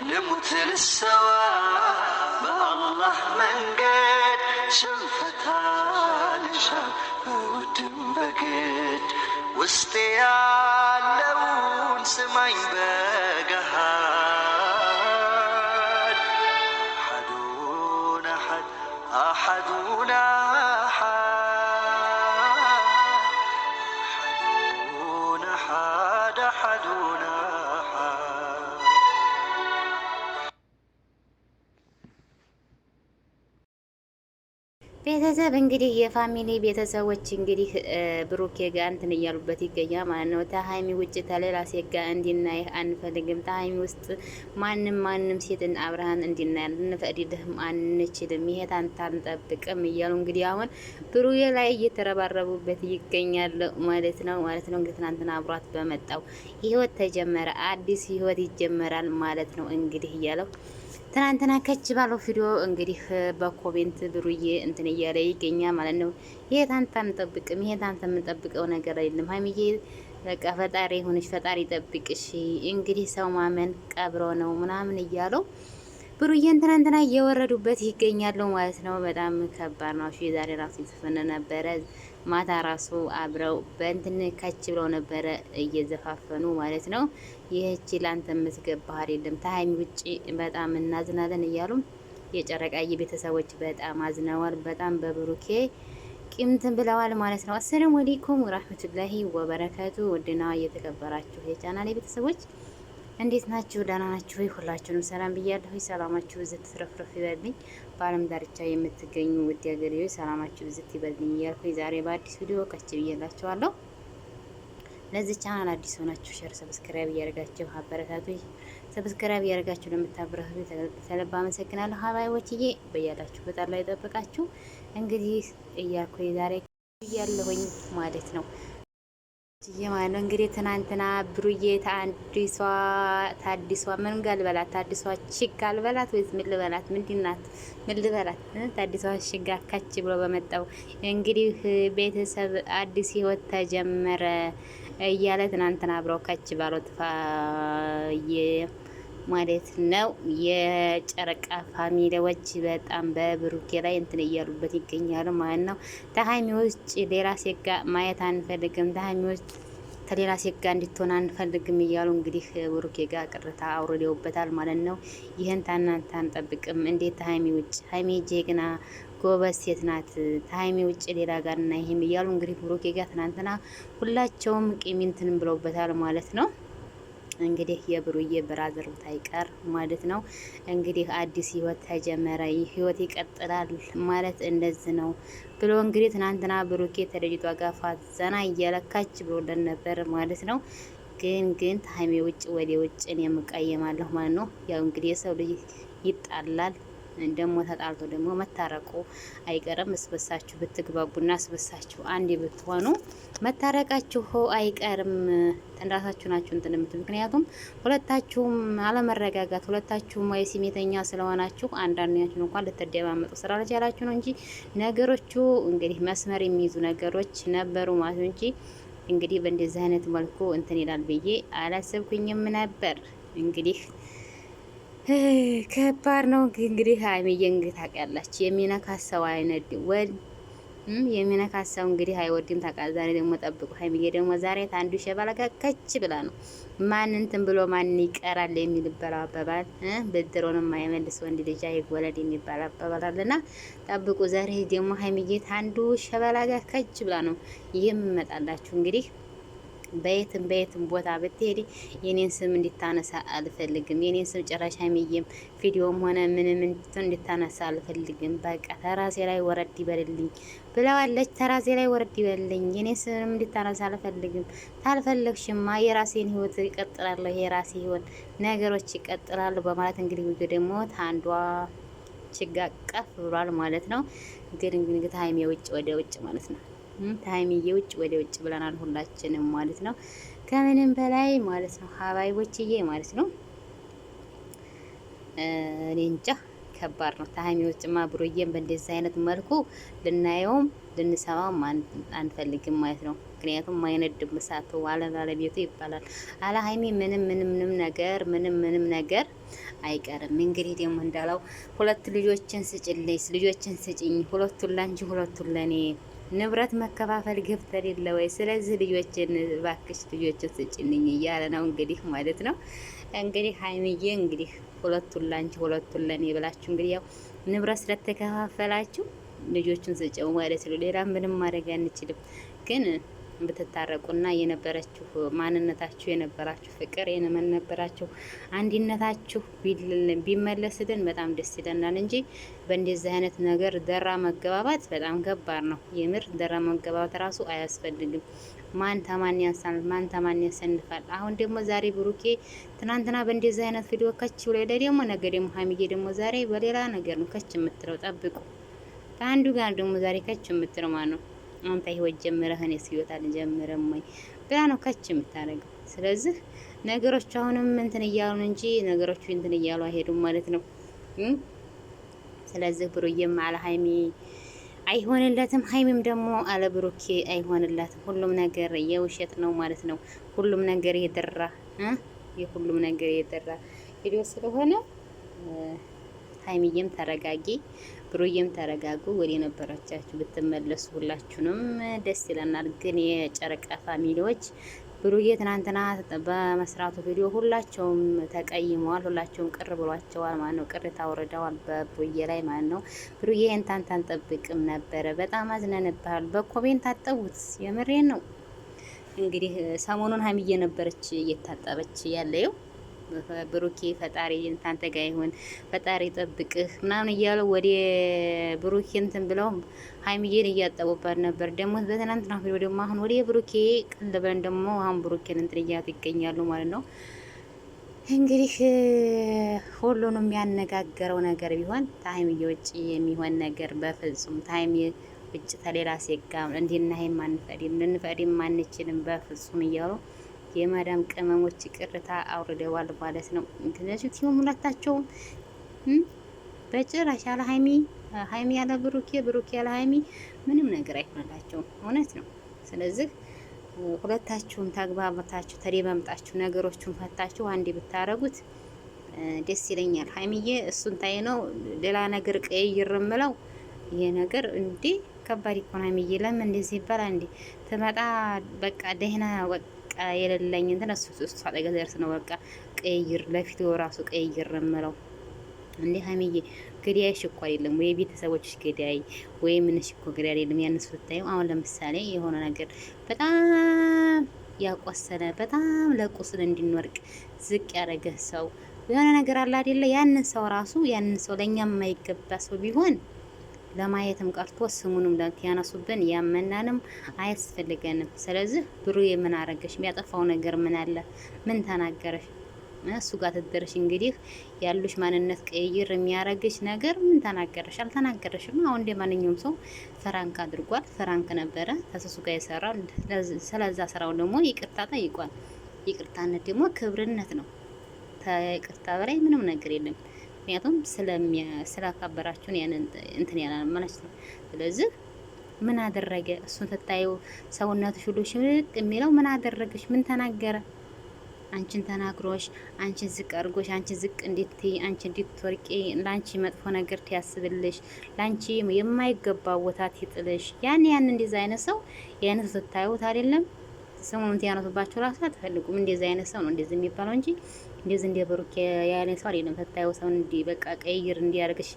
لمت للسواب الله من قد شفتها لشاف ودم بقيت وسطي يعلون سمعي بقهاد أحدون أحد أحدون أحد ገንዘብ እንግዲህ የፋሚሊ ቤተሰቦች እንግዲህ ብሩኬ ጋ እንትን እያሉበት ይገኛል ማለት ነው። ተሀይሚ ውጭ ተሌላ ሴት ጋ እንዲናይህ አንፈልግም። ተሀይሚ ውስጥ ማንም ማንም ሴትን አብርሃን እንዲናይ ልንፈቅድልህም አንችልም። ይሄ ታንታን ጠብቅም እያሉ እንግዲህ አሁን ብሩዬ ላይ እየተረባረቡበት ይገኛል ማለት ነው ማለት ነው። እንግዲህ ትናንትና አብሯት በመጣው ህይወት ተጀመረ አዲስ ህይወት ይጀመራል ማለት ነው እንግዲህ እያለው ትናንትና ከች ባለው ቪዲዮ እንግዲህ በኮሜንት ብሩዬ እንትን እያለ ይገኛል ማለት ነው። ይሄ ታንተ አንጠብቅም፣ ይሄ ታንተ የምንጠብቀው ነገር የለም። ሀይሚዬ በቃ ፈጣሪ ሆነሽ ፈጣሪ ጠብቅሽ። እንግዲህ ሰው ማመን ቀብሮ ነው ምናምን እያለው ብሩዬን ትናንትና እየወረዱበት ይገኛሉ ማለት ነው። በጣም ከባድ ነው። እሺ ዛሬ ራሱ የተፈነ ነበረ። ማታ ራሱ አብረው በእንትን ከች ብለው ነበረ እየዘፋፈኑ ማለት ነው። ይህቺ ለአንተ ባህር የለም ታይም ውጭ በጣም እናዝናለን እያሉ የጨረቃዬ ቤተሰቦች በጣም አዝነዋል። በጣም በብሩኬ ቂምትን ብለዋል ማለት ነው። አሰላሙ አሌይኩም ወራህመቱላሂ ወበረከቱ። ውድና እየተከበራችሁ የቻናሌ ቤተሰቦች እንዴት ናችሁ? ደህና ናችሁ? ሁላችሁንም ሰላም ብያለሁ። ሰላማችሁ ዝት ትረፍረፍ ይበልኝ። በአለም ዳርቻ የምትገኙ ውድ ሀገሬዎች ሰላማችሁ ዝት ይበልኝ እያልኩ ዛሬ በአዲስ ቪዲዮ ከች ብዬላችኋለሁ። ለዚህ ቻናል አዲስ ሆናችሁ ሸር፣ ሰብስክራይብ እያደረጋችሁ አበረታቱ። ሰብስክራይብ እያደረጋችሁ ለምታበረታቱ ተለባ አመሰግናለሁ። ሀባይዎችዬ በያላችሁበት ላይ ይጠብቃችሁ። እንግዲህ እያልኩ የዛሬ እያለሁኝ ማለት ነው ማለት ነው እንግዲህ ትናንትና ብሩዬ ታዲሷ ታዲሷ ምን ጋልበላት ታዲሷ ችግ አልበላት ወይስ ምን ልበላት ምንድናት? ምን ልበላት ታዲሷ ሽጋ አካች ብሎ በመጣው እንግዲህ ቤተሰብ አዲስ ህይወት ተጀመረ እያለ ትናንትና አብረው ከች ባሎ ትፋየ ማለት ነው። የጨረቃ ፋሚሊዎች በጣም በብሩኬ ላይ እንትን እያሉበት ይገኛሉ ማለት ነው። ተሀሚ ውጭ ሌላ ሴጋ ማየት አንፈልግም፣ ተሀሚ ውጭ ከሌላ ሴጋ እንድትሆን አንፈልግም እያሉ እንግዲህ ብሩኬ ጋር ቅርታ አውርደውበታል ማለት ነው። ይህን ታናንተ አንጠብቅም እንዴት ሀሚ ውጭ ሀሚ ጄግና ጎበዝ ሴት ናት ታይሚ ውጭ ሌላ ጋር እና ይሄም እያሉ እንግዲህ ብሩኬ ጋር ትናንትና ሁላቸውም ቂሚንትን ብለውበታል ማለት ነው። እንግዲህ የብሩዬ ብራዘር ታይቀር ማለት ነው። እንግዲህ አዲስ ህይወት ተጀመረ፣ ህይወት ይቀጥላል ማለት እንደዚህ ነው ብሎ እንግዲህ ትናንትና ብሩኬ ተደጅቷ ጋፋ ዘና እያለካች ብሎ ነበር ማለት ነው። ግን ግን ታይሜ ውጭ ወደ እኔ የምቀየማለሁ ማለት ነው። ያው እንግዲህ የሰው ልጅ ይጣላል። ደግሞ ተጣልቶ ደግሞ መታረቁ አይቀርም። እስበሳችሁ ብትግባቡና እስበሳችሁ አንድ ብትሆኑ መታረቃችሁ አይቀርም። ራሳችሁ ናችሁ እንትን የምትሉ ምክንያቱም ሁለታችሁም አለመረጋጋት ሁለታችሁም ወይ ስሜተኛ ስለሆናችሁ አንዳንዳችሁ እንኳን ልትደማመጡ ስላልቻላችሁ ነው እንጂ ነገሮቹ እንግዲህ መስመር የሚይዙ ነገሮች ነበሩ ማለት እንጂ እንግዲህ በእንደዚህ አይነት መልኩ እንትን ይላል ብዬ አላሰብኩኝም ነበር እንግዲህ ከባድ ነው እንግዲህ ሀይሚዬ እንግዲህ ታውቂያለሽ፣ የሚነካት ሰው አይነድ ወል የሚነካት ሰው እንግዲህ አይወድም። ታውቃለህ፣ ዛሬ ደግሞ ጠብቁ። ሀይሚዬ ደግሞ ዛሬ ታንዱ ከች ብላ ነው ማን እንትን ብሎ ማን ይቀራል የሚባለው አባባል፣ ብድሮንም የማይመልስ ወንድ ልጅ አይወለድ የሚባል አባባል አለና ጠብቁ። ዛሬ ደግሞ ሀይሚዬ ታንዱ ከች ብላ ነው የምመጣላችሁ እንግዲህ በየትም በየትም ቦታ ብትሄድ የኔን ስም እንድታነሳ አልፈልግም። የኔን ስም ጭራሽ ሀይሚዬም ቪዲዮም ሆነ ምንም እንድታነሳ አልፈልግም። በቃ ተራሴ ላይ ወረድ ይበልልኝ ብለዋለች። ተራሴ ላይ ወረድ ይበልልኝ፣ የኔን ስም እንድታነሳ አልፈልግም። ታልፈለግሽማ የራሴን ህይወት ይቀጥላለሁ፣ የራሴ ህይወት ነገሮች ይቀጥላሉ በማለት እንግዲህ ውጆ ደግሞ ታንዷ ችጋ ቀፍ ብሏል ማለት ነው። ግን እንግዲህ ሀይሚ ውጭ ወደ ውጭ ማለት ነው ታይምዬ ውጭ ወደ ውጭ ብለናል ሁላችንም ማለት ነው። ከምንም በላይ ማለት ነው ሀባይቦችዬ ማለት ነው እኔ እንጃ ከባድ ነው። ታህሚ ውጭማ ብሩዬን በእንደዚህ አይነት መልኩ ልናየውም ልንሰማም አንፈልግም ማለት ነው። ምክንያቱም አይነድ እሳቱ ዋለ ባለቤቱ ይባላል አለ ሀይሚ ምንም ምንም ምንም ነገር ምንም ምንም ነገር አይቀርም። እንግዲህ ደግሞ እንዳለው ሁለት ልጆችን ስጭልኝ፣ ልጆችን ስጭኝ፣ ሁለቱን ላንቺ ሁለቱን ለእኔ ንብረት መከፋፈል ገብተን የለ ወይ? ስለዚህ ልጆችን ባክሽ ልጆችን ስጭንኝ እያለ ነው እንግዲህ ማለት ነው። እንግዲህ ሀይሚዬ እንግዲህ ሁለቱን ላንቺ ሁለቱን ለኔ ብላችሁ እንግዲህ ያው ንብረት ስለተከፋፈላችሁ ልጆችን ስጭው ማለት ነው። ሌላ ምንም ማድረግ አንችልም ግን ብትታረቁና የነበረችሁ ማንነታችሁ የነበራችሁ ፍቅር የነበራችሁ አንድነታችሁ ቢመለስልን በጣም ደስ ይለናል እንጂ በእንደዚህ አይነት ነገር ደራ መገባባት በጣም ከባድ ነው። የምር ደራ መገባባት ራሱ አያስፈልግም። ማን ተማን ያሳል፣ ማን ተማን ያሰንፋል። አሁን ደግሞ ዛሬ ብሩኬ ትናንትና በእንደዚህ አይነት ቪዲዮ ከች ብሎ ደግሞ ነገ ደግሞ ሀሚዬ ደግሞ ዛሬ በሌላ ነገር ነው ከች የምትለው ጠብቁ። ከአንዱ ጋር ደግሞ ዛሬ ከች የምትለው ማለት ነው አንተ ህይወት ጀምረህ እኔስ ህይወት አልጀምርም ወይ ብላ ነው ከች የምታደርገው። ስለዚህ ነገሮች አሁንም እንትን እያሉን እንጂ ነገሮቹ እንትን እያሉ አይሄዱም ማለት ነው። ስለዚህ ብሩዬም አለ ሀይሚ አይሆንለትም፣ ሀይሚም ደግሞ አለ ብሩኬ አይሆንለትም። ሁሉም ነገር የውሸት ነው ማለት ነው። ሁሉም ነገር የደራ የሁሉም ነገር የደራ ቪዲዮ ስለሆነ ሀይሚዬም ተረጋጊ፣ ብሩዬም ተረጋጉ። ወደ ነበራቻችሁ ብትመለሱ ሁላችሁንም ደስ ይለናል። ግን የጨረቃ ፋሚሊዎች ብሩዬ ትናንትና በመስራቱ ቪዲዮ ሁላቸውም ተቀይመዋል። ሁላቸውም ቅር ብሏቸዋል ማለት ነው። ቅር ወረደዋል በብሩዬ ላይ ማለት ነው። ብሩዬ እንታንታ አንጠብቅም ነበረ። በጣም አዝነንብሃል። በኮሜንት ታጠቡት። የምሬን ነው። እንግዲህ ሰሞኑን ሀይሚዬ ነበረች እየታጠበች ያለየው ብሩኬ ፈጣሪ እንታንተ ጋር ይሁን ፈጣሪ ጠብቅህ ምናምን እያሉ ወደ ብሩኬ እንትን ብለው ሀይሚዬን እያጠቡባት ነበር። ደግሞ በትናንትና ቪዲዮ ደግሞ አሁን ወደ ብሩኬ ቀልድ ብለን ደግሞ አሁን ብሩኬን እንትን እያት ይገኛሉ ማለት ነው። እንግዲህ ሁሉንም የሚያነጋገረው ነገር ቢሆን ታይምዬ ውጭ የሚሆን ነገር በፍጹም ታይም ውጭ ተሌላ ሴጋ እንዲናሄ አንፈዲም ልንፈዲም ማንችልም በፍጹም እያሉ የማዳም ቅመሞች ቅርታ አውርደዋል ማለት ነው። ምክንያቱም ሲሆን ሁለታቸውም በጭራሽ ያለ ሀይሚ ሀይሚ ያለ ብሩኬ፣ ብሩኬ ያለ ሀይሚ ምንም ነገር አይሆንላቸውም። እውነት ነው። ስለዚህ ሁለታችሁም ተግባብታችሁ ተደማምጣችሁ ነገሮቹን ፈታችሁ አንዴ ብታረጉት ደስ ይለኛል። ሀይሚዬ እሱን ታይ ነው ሌላ ነገር ቀይር እምለው ይሄ ነገር እንዴ ከባድ ኢኮኖሚ ለምን እንደዚህ ይባላል እንዴ? ትመጣ በቃ ደህና ወቅ የሌለኝ እንትን እሱ እሱ አጠገብ ደርስ ነው በቃ ቀይር፣ ለፊት ራሱ ቀይር እምለው እንዴ ሀሚዬ ግዳይሽ እኮ አይደለም ወይ ቤተሰቦችሽ ግዳይ ወይ ምን እኮ ግዳይ አይደለም። ያንስ ብታዩ አሁን ለምሳሌ የሆነ ነገር በጣም ያቆሰለ በጣም ለቁስል እንዲንወርቅ ዝቅ ያደረገ ሰው የሆነ ነገር አለ አይደለ? ያንን ሰው ራሱ ያንን ሰው ለእኛ የማይገባ ሰው ቢሆን ለማየትም ቀርቶ ስሙንም ያነሱብን ያመናንም አያስፈልገንም። ስለዚህ ብሩ የምን አረገሽ? የሚያጠፋው ነገር ምን አለ? ምን ተናገረሽ? እሱ ጋር ትደርሽ እንግዲህ ያሉሽ ማንነት ቀይር የሚያረግሽ ነገር ምን ተናገረሽ? አልተናገረሽም። አሁን እንደ ማንኛውም ሰው ፍራንክ አድርጓል። ፈራንክ ነበረ ተሰሱ ጋር የሰራው። ስለዛ ስራው ደግሞ ይቅርታ ጠይቋል። ይቅርታነት ደግሞ ክብርነት ነው። ከይቅርታ በላይ ምንም ነገር የለም። ምክንያቱም ስላከበራችሁን ያንን እንትን ያለ ማለት ነው። ስለዚህ ምን አደረገ? እሱን ስታየው ሰውነትሽ ሁሉ ሽብርቅ የሚለው ምን አደረገሽ? ምን ተናገረ? አንቺን ተናግሮሽ፣ አንቺን ዝቅ አድርጎሽ፣ አንቺን ዝቅ እንዲት አንቺ እንዴት ትወርቂ፣ ለአንቺ መጥፎ ነገር ትያስብልሽ፣ ለአንቺ የማይገባ ቦታ ትጥልሽ። ያን ያን እንደዛ አይነት ሰው የአይነቱ ስታዩት አይደለም ስሙን ትያነሱባቸው ራሱ አትፈልጉም። እንደዛ አይነት ሰው ነው እንደዚህ የሚባለው እንጂ እንደዚህ እንደ ብሩክ ያለ ሰው አይደለም። ተታየው ሰው እንዲ በቃ ቀይር እንዲያርግሽ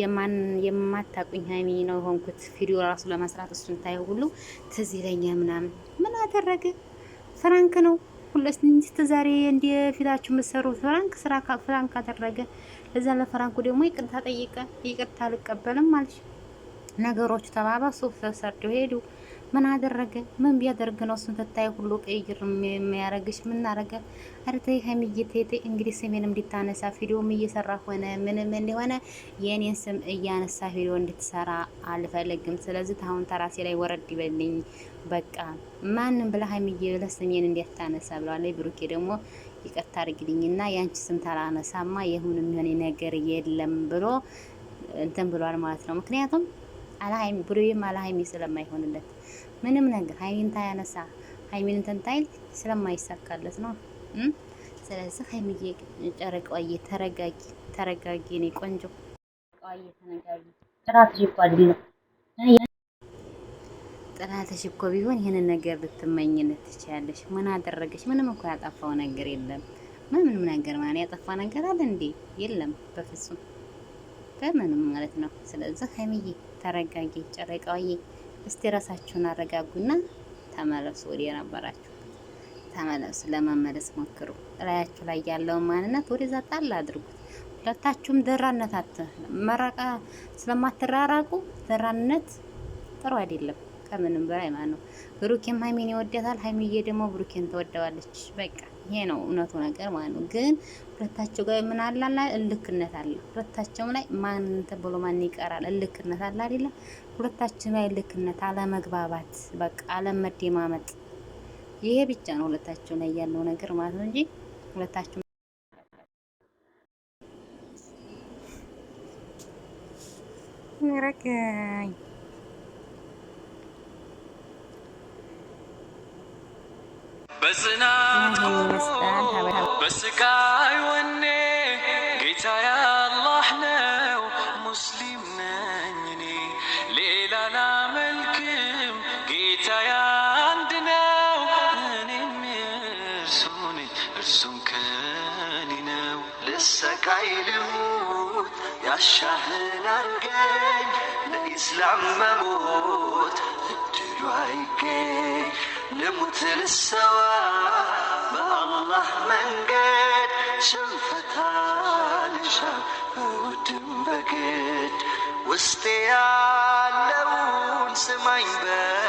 የማን የማታቁኝ ሀይሚ ነው ሆንኩት። ቪዲዮ ራሱ ለመስራት እሱን ታየው ሁሉ ትዝ ይለኛ ምናምን። ምን አደረገ? ፍራንክ ነው ሁለት እንስት ዛሬ እንደ ፊታችሁ መስሩ ፍራንክ ስራ ፍራንክ አደረገ። ለዛ ለፍራንኩ ደግሞ ይቅርታ ጠይቀ ይቅርታ አልቀበልም አለች። ነገሮቹ ተባባሱ፣ ተሰርደው ሄዱ። ምን አደረገ? ምን ቢያደርግ ነው እሱን ትታይ ሁሉ ቀይር የሚያደርግሽ? ምን አደረገ? ኧረ ተይ ሀይሚዬ ተይ ተይ። እንግዲህ ስሜን እንዲታነሳ ቪዲዮም እየሰራ ሆነ ምንም እንደሆነ የእኔን ስም እያነሳ ቪዲዮ እንድትሰራ አልፈልግም። ስለዚህ አሁን ተራሴ ላይ ወረድ ይበልኝ በቃ ማንም ብላ ሀይሚዬ ብለህ ስሜን እንዲያታነሳ ብለዋል። ብሩኬ ደግሞ ይቅርታ አድርግልኝና የአንቺ ስም ታላነሳማ የሁን የሚሆን ነገር የለም ብሎ እንትን ብሏል ማለት ነው ምክንያቱም አለሀይሚ ብሩዬም አለሀይሚ ስለማይሆንለት ምንም ነገር ሀይሚን ታያነሳ ሀይሚን እንትን ታይል ስለማይሳካለት ነው። ስለዚህ ሀይሚዬ ጨረቃዬ ተረጋጊ፣ ተረጋጊ ነው ቆንጆ ጨረቃዬ ተነጋጊ። ጥራትሽ እኮ አይደለም ጥራትሽ እኮ ቢሆን ይህንን ነገር ልትመኝለት ትችያለሽ። ምን አደረገች? ምንም እኮ ያጠፋው ነገር የለም። ምን ምንም ነገር ማለት ያጠፋ ነገር አለ እንዴ? የለም በፍጹም በምንም ማለት ነው። ስለዚህ ሀይሚዬ ተረጋጊ ጨረቃዬ። እስቲ ራሳችሁን አረጋጉና ተመለሱ፣ ወደ የነበራችሁ ተመለሱ። ለመመለስ ሞክሩ። እላያችሁ ላይ ያለውን ማንነት ወደዛ ጣል አድርጉት። ሁለታችሁም ደራነት አት መራቃ ስለማትራራቁ ደራነት ጥሩ አይደለም። ከምንም በላይ ማን ነው ብሩኬም ሀይሚን ይወዳታል፣ ሀይሚዬ ደግሞ ብሩኬን ትወደዋለች። በቃ ይሄ ነው እውነቱ ነገር ማለት ነው። ግን ሁለታቸው ጋር ምን አላላ እልክነት አለ። ሁለታቸውም ላይ ማን ተብሎ ማን ይቀራል? እልክነት አለ አይደለም። ሁለታቸው ላይ እልክነት፣ አለመግባባት፣ በቃ አለመደማመጥ፣ ይሄ ብቻ ነው ሁለታቸው ላይ ያለው ነገር ማለት ነው እንጂ ሁለታቸው ረጋይ በጽናትኩም በስቃይ ወኔ ጌታዬ አላህ ነው፣ ሙስሊም ነኝ እኔ ሌላ ላመልክም። ጌታዬ አንድ ነው፣ እኔም የእርሱ ነኝ፣ እርሱም ከኔ ነው። ልሰቃይ ልሙት ያሻህን አድርገኝ፣ ለኢስላም መሞት እድሉ አይገኝ نموت للسوا للسواب الله من قد شفتها لشاف ودم بقيت وسطي على سماي بقيت